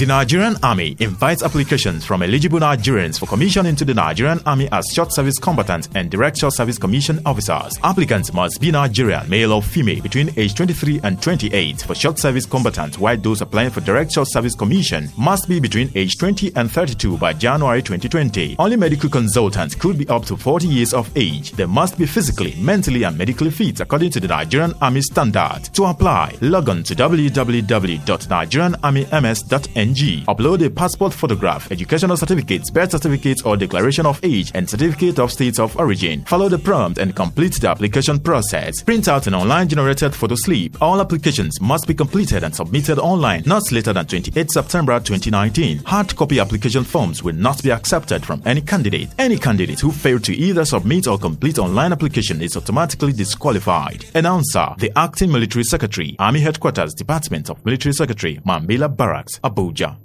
The Nigerian Army invites applications from eligible Nigerians for commission into the Nigerian Army as short service combatant and direct short service commission officers. Applicants must be Nigerian, male or female, between age 23 and 28 for short service combatant, while those applying for direct short service commission must be between age 20 and 32 by January 2020. Only medical consultants could be up to 40 years of age. They must be physically, mentally, and medically fit according to the Nigerian Army standard. To apply, log on to www.nigerianarmyms.n. NG. Upload a passport photograph, educational certificates, birth certificates, or declaration of age and certificate of state of origin. Follow the prompt and complete the application process. Print out an online generated photo slip. All applications must be completed and submitted online not later than 28 September 2019. Hard copy application forms will not be accepted from any candidate. Any candidate who failed to either submit or complete online application is automatically disqualified. Announcer, the Acting Military Secretary, Army Headquarters Department of Military Secretary, Mambila Barracks, Abuja. 있죠.